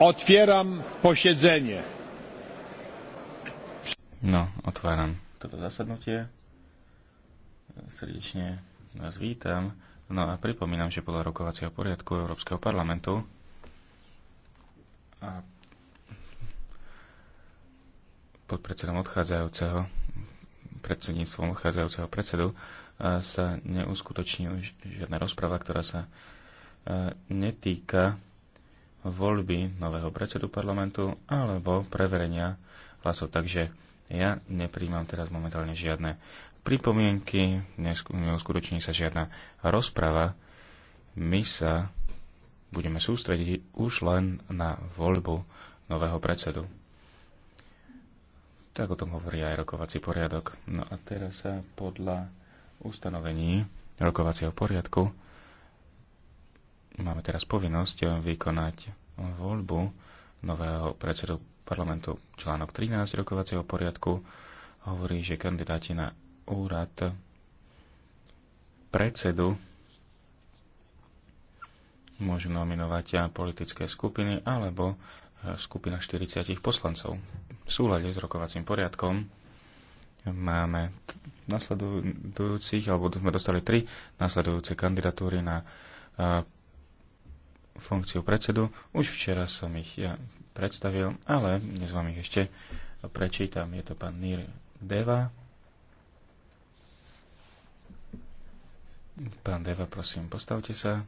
Otwieram posiedzenie. No, otváram toto zasadnutie. Srdečne vás vítam. No a pripomínam, že podľa rokovacieho poriadku Európskeho parlamentu a pod predsedom odchádzajúceho predsedníctvom odchádzajúceho predsedu sa neuskutoční žiadna rozprava, ktorá sa netýka voľby nového predsedu parlamentu alebo preverenia hlasov. Takže ja nepríjmam teraz momentálne žiadne pripomienky, neuskutoční sa žiadna rozprava. My sa budeme sústrediť už len na voľbu nového predsedu. Tak o tom hovorí aj rokovací poriadok. No a teraz sa podľa ustanovení rokovacieho poriadku Máme teraz povinnosť vykonať voľbu nového predsedu parlamentu. Článok 13 rokovacieho poriadku hovorí, že kandidáti na úrad predsedu môžu nominovať politické skupiny alebo skupina 40 poslancov. V súlade s rokovacím poriadkom máme nasledujúcich, alebo sme dostali tri nasledujúce kandidatúry na eh, funkciu predsedu. Už včera som ich ja predstavil, ale dnes vám ich ešte prečítam. Je to pán Nir Deva. Pán Deva, prosím, postavte sa.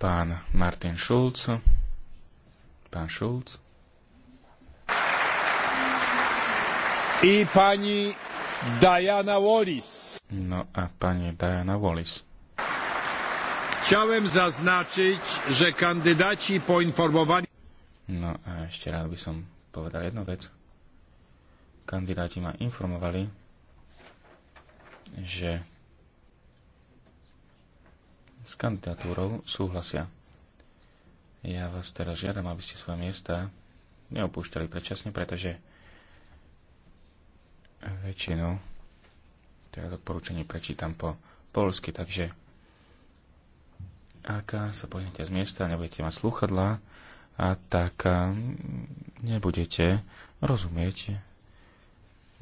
Pán Martin Schulz. Pán Schulz. I pani Diana Wallis. No a pani Diana Wallis. Chciałem zaznaczyć, że kandydaci poinformowali... No a ešte rád by som povedal jednu vec. Kandidáti ma informovali, že s kandidatúrou súhlasia. Ja vás teraz žiadam, aby ste svoje miesta neopúšťali predčasne, pretože väčšinu. Teraz odporúčanie prečítam po polsky, takže ak sa pohnete z miesta nebudete mať sluchadla, a tak nebudete rozumieť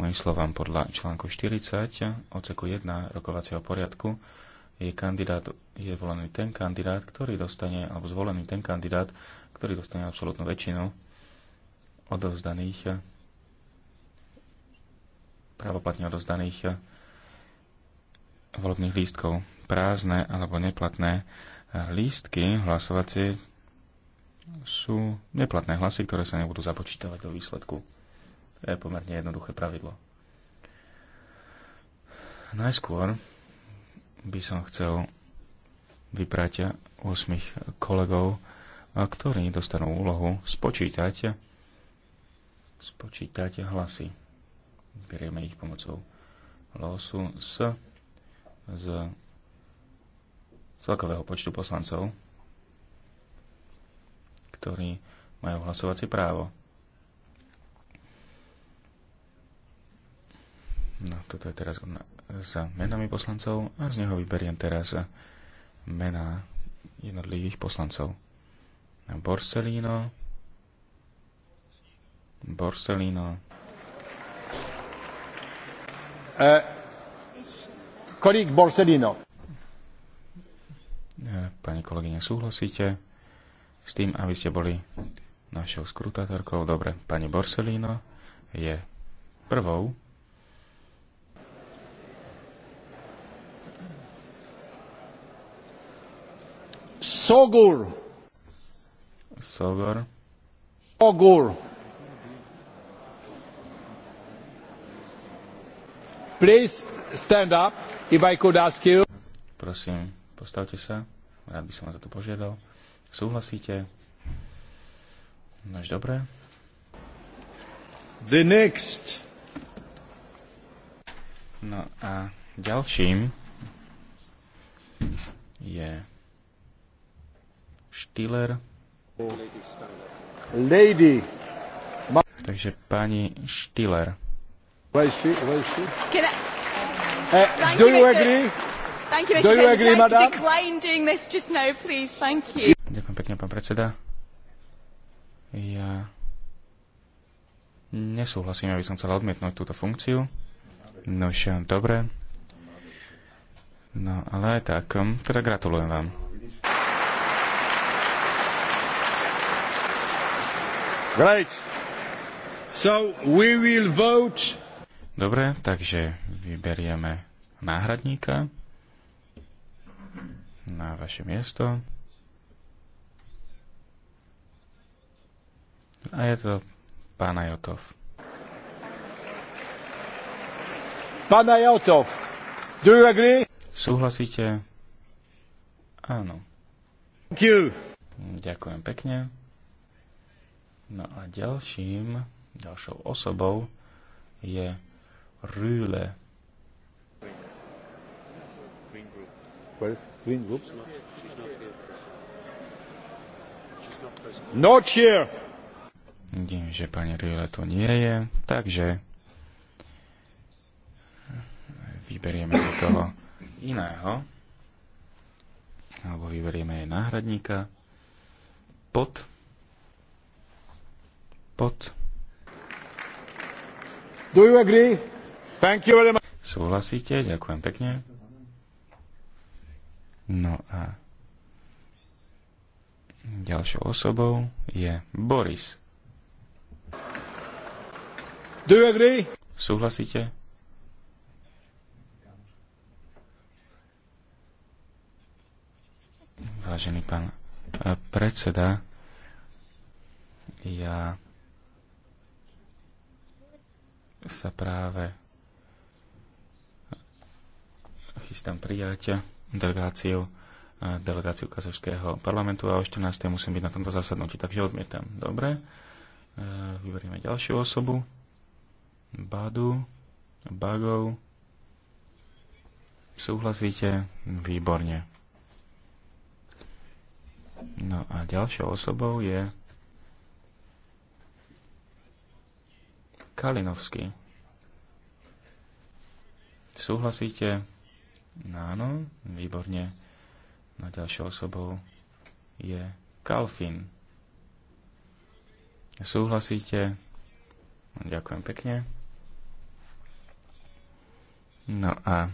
mojim slovám podľa článku 40 odseku 1 rokovacieho poriadku je kandidát, je volený ten kandidát, ktorý dostane, alebo zvolený ten kandidát, ktorý dostane absolútnu väčšinu odovzdaných právoplatne odozdaných eh, volebných lístkov. Prázdne alebo neplatné eh, lístky hlasovacie sú neplatné hlasy, ktoré sa nebudú započítavať do výsledku. To je pomerne jednoduché pravidlo. Najskôr by som chcel vyprať 8 kolegov, eh, ktorí dostanú úlohu spočítať, spočítať hlasy berieme ich pomocou losu s z celkového počtu poslancov, ktorí majú hlasovacie právo. No, toto je teraz s menami poslancov a z neho vyberiem teraz mená jednotlivých poslancov. Borsellino, Borsellino, Kolík eh, Borsellino. Eh, pani kolegyne, súhlasíte s tým, aby ste boli našou skrutátorkou? Dobre, pani Borsellino je prvou. Sogur. Sogur. Sogur. Please stand up, if I could ask you. Prosím, postavte sa. Rád by som vás za to požiadal. Súhlasíte? Nož dobre. The next. No a ďalším je Štiller. Lady. Takže pani Štiller. Where is she? Where is she? Can I... Uh, Thank do you, Mr. agree? Thank you, Mr. Do you agree, Can madam? Decline doing this just now, please. Thank you. Ďakujem pekne, pán predseda. Ja nesúhlasím, aby som chcel odmietnúť túto funkciu. No už dobre. No ale aj tak, um, teda gratulujem vám. Great. So we will vote Dobre, takže vyberieme náhradníka na vaše miesto. A je to pána Jotov. Pána Jotov, do you agree? Súhlasíte? Áno. Thank you. Ďakujem pekne. No a ďalším, ďalšou osobou je Rühle. Green Group? Not here. Vidím, že pani Rühle tu nie je, takže vyberieme niekoho iného alebo vyberieme jej náhradníka pod pod Do you agree? Súhlasíte? Ďakujem pekne. No a ďalšou osobou je Boris. Do you agree? Súhlasíte? Vážený pán e, predseda, ja sa práve chystám prijať delegáciu, eh, delegáciu kazašského parlamentu a o 14. musím byť na tomto zasadnutí, takže odmietam. Dobre, eh, vyberieme ďalšiu osobu. Badu, Bagov. Súhlasíte? Výborne. No a ďalšou osobou je Kalinovský. Súhlasíte? Áno, výborne. Na no ďalšou osobou je Kalfin. Súhlasíte? Ďakujem pekne. No a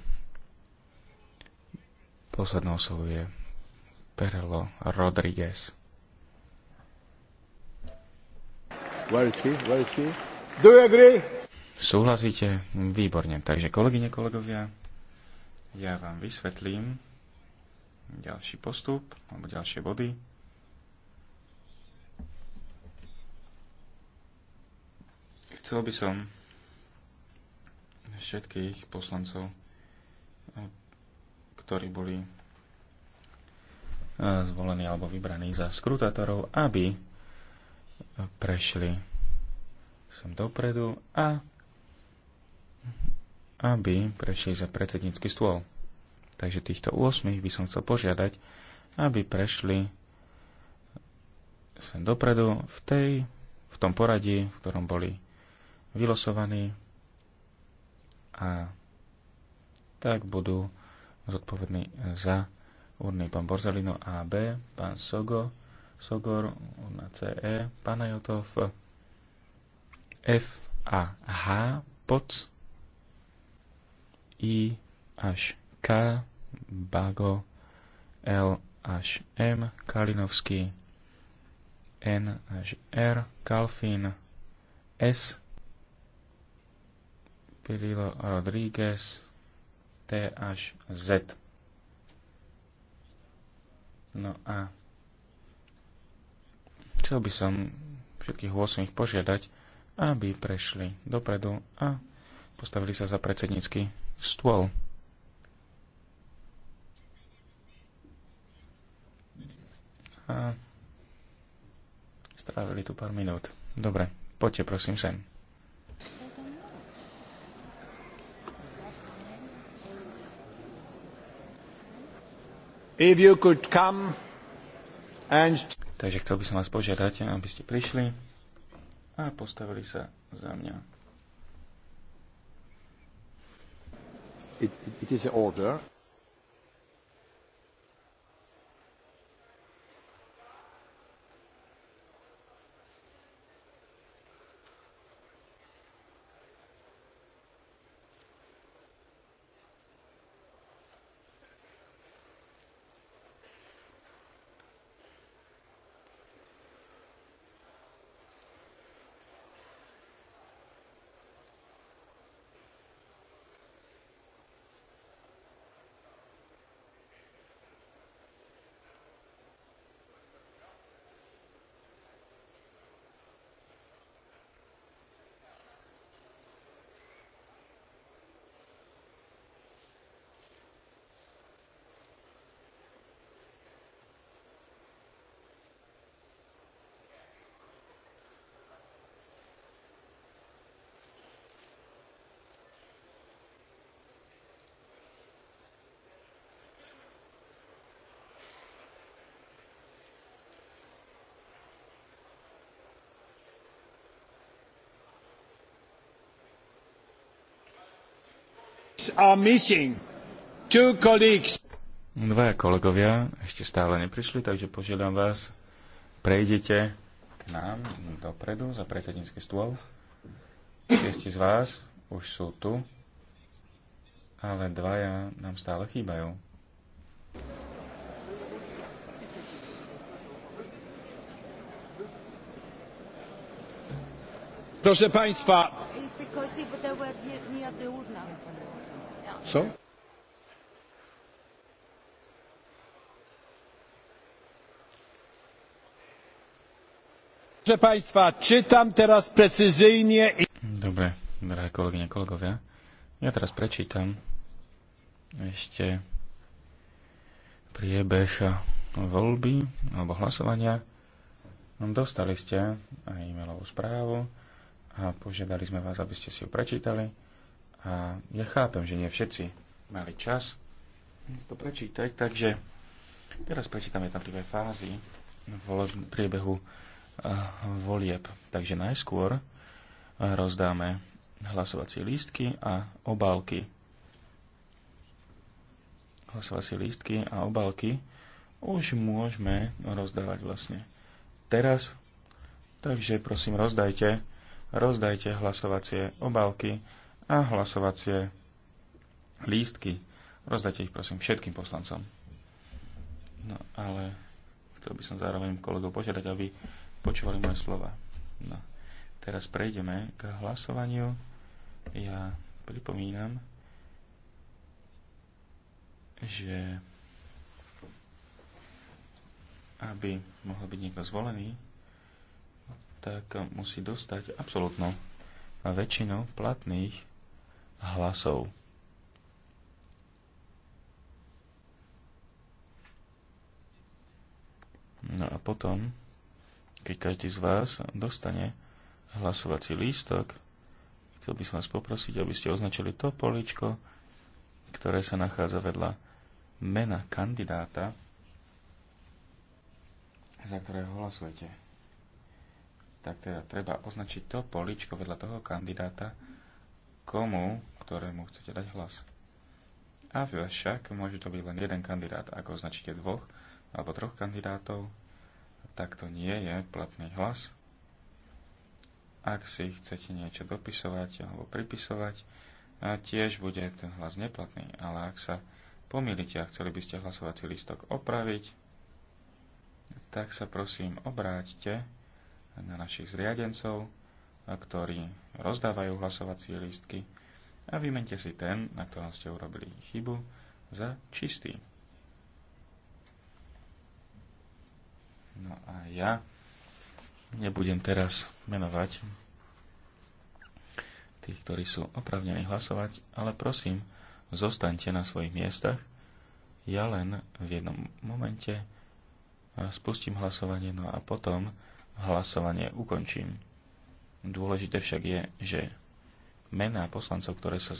poslednou osobou je Perlo Rodriguez. Where is he? Where is he? Do you agree? Súhlasíte? Výborne. Takže kolegyne, kolegovia, ja vám vysvetlím ďalší postup alebo ďalšie body. Chcel by som všetkých poslancov, ktorí boli eh, zvolení alebo vybraní za skrutátorov, aby prešli sem dopredu a aby prešli za predsednícky stôl. Takže týchto 8 by som chcel požiadať, aby prešli sem dopredu v, tej, v tom poradí, v ktorom boli vylosovaní a tak budú zodpovední za urny pán Borzalino AB, pán Sogo, Sogor, urna CE, pána Jotov, F a H, POC, i až K, Bago, L až M, Kalinovský, N až R, Kalfin, S, Pirillo Rodríguez, T až Z. No a chcel by som všetkých 8 požiadať, aby prešli dopredu a postavili sa za predsednícky stôl. A strávili tu pár minút. Dobre, poďte prosím sem. If you could come and... Takže chcel by som vás požiadať, aby ste prišli a postavili sa za mňa. it, it is in order. Dvaja kolegovia ešte stále neprišli, takže požiadam vás, prejdete k nám dopredu za predsednícky stôl. Šiesti z vás už sú tu, ale dvaja nám stále chýbajú. Proszę Państwa, so? Proszę Państwa, czytam teraz precyzyjnie i... Dobre, drahé kolegyne, kolegovia. Ja teraz prečítam ešte priebeh voľby alebo hlasovania. Dostali ste aj e-mailovú správu a požiadali sme vás, aby ste si ju prečítali. A ja chápem, že nie všetci mali čas to prečítať, takže teraz prečítame jednotlivé fázy v priebehu eh, volieb. Takže najskôr eh, rozdáme hlasovacie lístky a obálky. Hlasovacie lístky a obálky už môžeme rozdávať vlastne teraz. Takže prosím, rozdajte, rozdajte hlasovacie obálky a hlasovacie lístky. Rozdajte ich prosím všetkým poslancom. No ale chcel by som zároveň kolegov požiadať, aby počúvali moje slova. No. Teraz prejdeme k hlasovaniu. Ja pripomínam, že aby mohol byť niekto zvolený, tak musí dostať absolútnu väčšinu platných hlasov. No a potom, keď každý z vás dostane hlasovací lístok, chcel by som vás poprosiť, aby ste označili to poličko, ktoré sa nachádza vedľa mena kandidáta, za ktorého hlasujete. Tak teda treba označiť to poličko vedľa toho kandidáta, komu ktorému chcete dať hlas. A však môže to byť len jeden kandidát. Ak označíte dvoch alebo troch kandidátov, tak to nie je platný hlas. Ak si chcete niečo dopisovať alebo pripisovať, tiež bude ten hlas neplatný. Ale ak sa pomýlite a chceli by ste hlasovací listok opraviť, tak sa prosím obráťte na našich zriadencov, ktorí rozdávajú hlasovacie lístky a vymente si ten, na ktorom ste urobili chybu, za čistý. No a ja nebudem teraz menovať tých, ktorí sú opravnení hlasovať, ale prosím, zostaňte na svojich miestach. Ja len v jednom momente spustím hlasovanie, no a potom hlasovanie ukončím. Dôležité však je, že mená poslancov, ktoré sa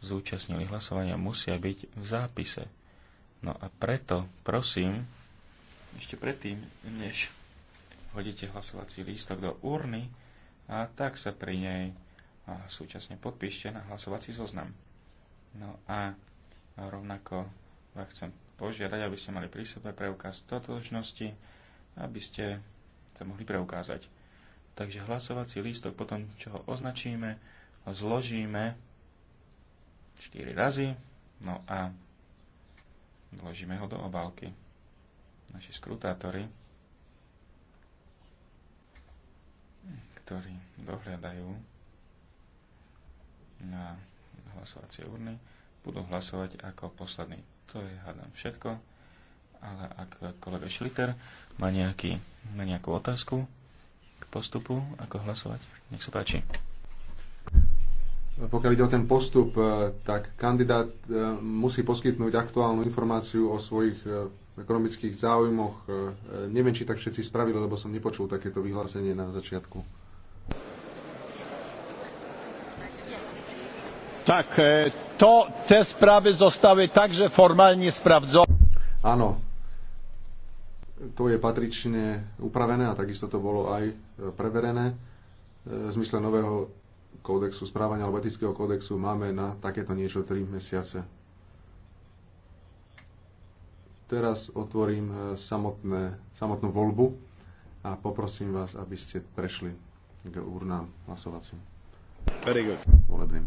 zúčastnili hlasovania, musia byť v zápise. No a preto prosím, ešte predtým, než hodíte hlasovací lístok do urny, a tak sa pri nej a súčasne podpíšte na hlasovací zoznam. No a rovnako vás chcem požiadať, aby ste mali pri sebe preukaz totožnosti, aby ste sa mohli preukázať. Takže hlasovací lístok potom, čo ho označíme, zložíme 4 razy, no a vložíme ho do obálky. Naši skrutátori, ktorí dohľadajú na hlasovacie urny, budú hlasovať ako posledný. To je, hádam, všetko. Ale ak kolega Šliter má, nejaký, má nejakú otázku k postupu, ako hlasovať, nech sa páči. Pokiaľ ide o ten postup, e, tak kandidát e, musí poskytnúť aktuálnu informáciu o svojich e, ekonomických záujmoch. Neviem, či tak všetci spravili, lebo som nepočul takéto vyhlásenie na začiatku. Tak, to, te správy zostały takže formálne spravdzo. Áno, to je patrične upravené a takisto to bolo aj preverené v zmysle nového kódexu správania alebo etického kódexu máme na takéto niečo 3 mesiace. Teraz otvorím e, samotné, samotnú voľbu a poprosím vás, aby ste prešli k urnám hlasovacím. Very good. Volebným.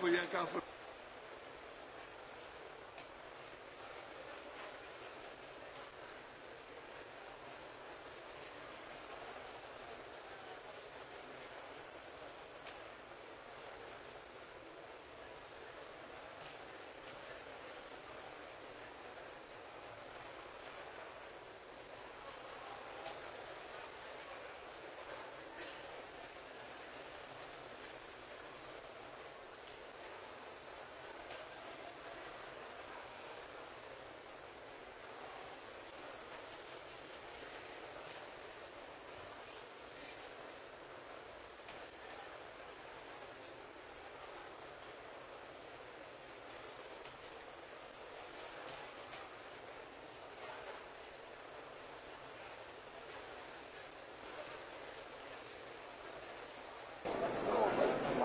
vogliamo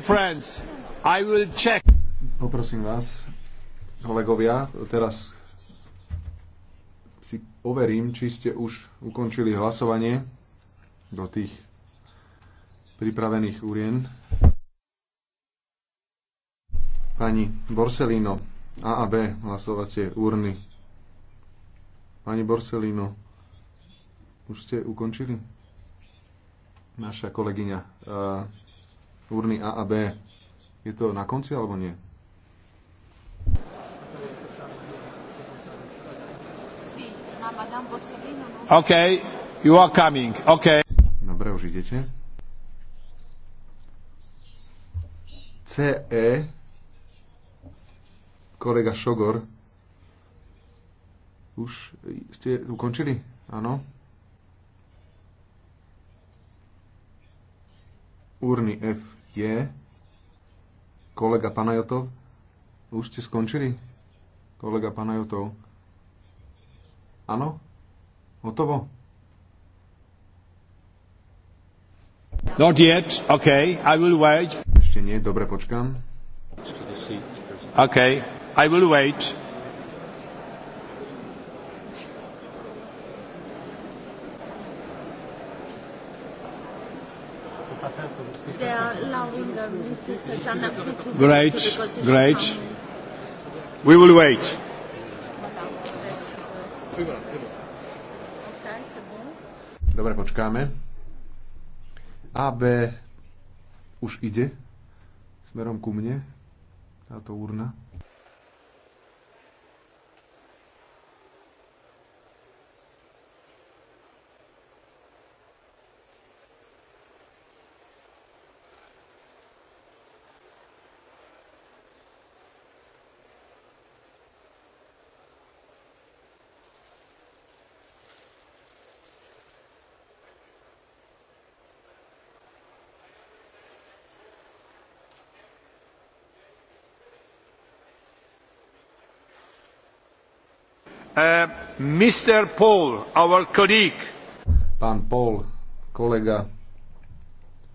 Friends, Poprosím vás, kolegovia, teraz si overím, či ste už ukončili hlasovanie do tých pripravených urien. Pani Borsellino, A a B hlasovacie urny. Pani Borsellino, už ste ukončili? Naša kolegyňa. Uh, urny A a B. Je to na konci alebo nie? No. OK, you are coming. OK. Dobre, už idete. CE kolega Šogor už ste ukončili? Áno. Urny F je kolega Panajotov. Už ste skončili? Kolega Panajotov. Áno? Hotovo? Not yet. Okay, I will wait. Ešte nie, dobre, počkám. Okay, I will wait. Great, great. We will wait. Dobre, počkáme. AB už ide smerom ku mne, táto urna. Uh, Pán Paul, kolega,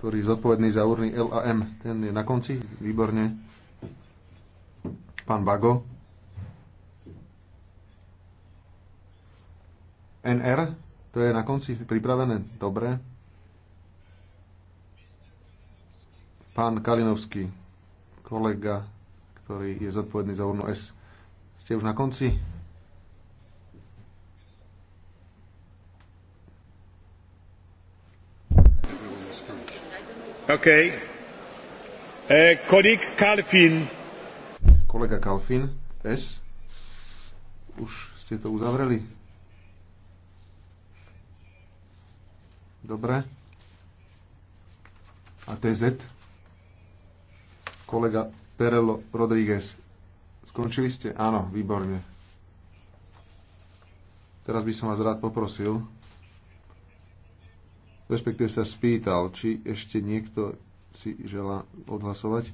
ktorý je zodpovedný za urny LAM, ten je na konci, výborne. Pán Bago. NR, to je na konci pripravené, dobre. Pán Kalinovský, kolega, ktorý je zodpovedný za urnu S. Ste už na konci? Okay. kolik eh, Kalfin. Kolega Kalfin, S. Už ste to uzavreli? Dobre. A TZ? Kolega Perelo Rodríguez. Skončili ste? Áno, výborne. Teraz by som vás rád poprosil, respektíve sa spýtal, či ešte niekto si želá odhlasovať.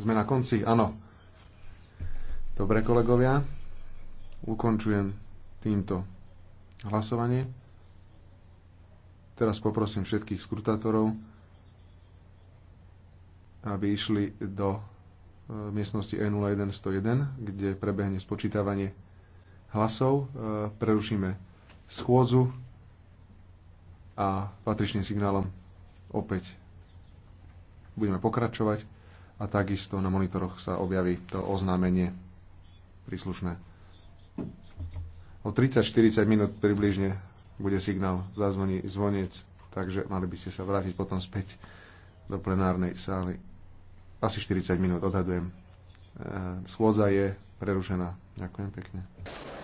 Sme na konci, áno. Dobre, kolegovia, ukončujem týmto hlasovanie. Teraz poprosím všetkých skrutátorov, aby išli do e, miestnosti E01101, kde prebehne spočítavanie hlasov e, prerušíme schôdzu a patričným signálom opäť budeme pokračovať a takisto na monitoroch sa objaví to oznámenie príslušné. O 30-40 minút približne bude signál, zazvoní zvonec, takže mali by ste sa vrátiť potom späť do plenárnej sály. Asi 40 minút odhadujem. E, schôdza je prerušená. Ďakujem pekne.